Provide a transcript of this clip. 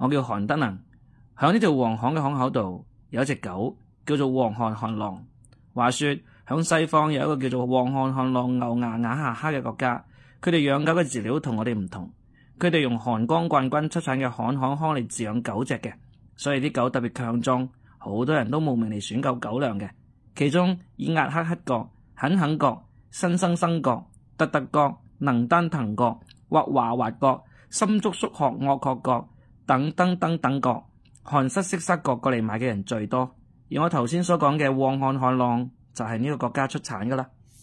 我叫韓德能，喺呢條黃巷嘅巷口度有一隻狗，叫做黃汗寒狼。話說響西方有一個叫做黃汗寒狼牛牙雅夏黑嘅國家，佢哋養狗嘅飼料同我哋唔同，佢哋用寒江冠軍出產嘅巷巷康嚟飼養狗隻嘅，所以啲狗特別強壯，好多人都慕名嚟選購狗糧嘅。其中以壓黑黑國、啃肯國、新生生國、突突國、能丹騰國、滑滑滑國、深足宿學惡確國、等燈燈等國，含濕色濕國過嚟買嘅人最多。而我頭先所講嘅黃汗寒狼就係、是、呢個國家出產噶喇。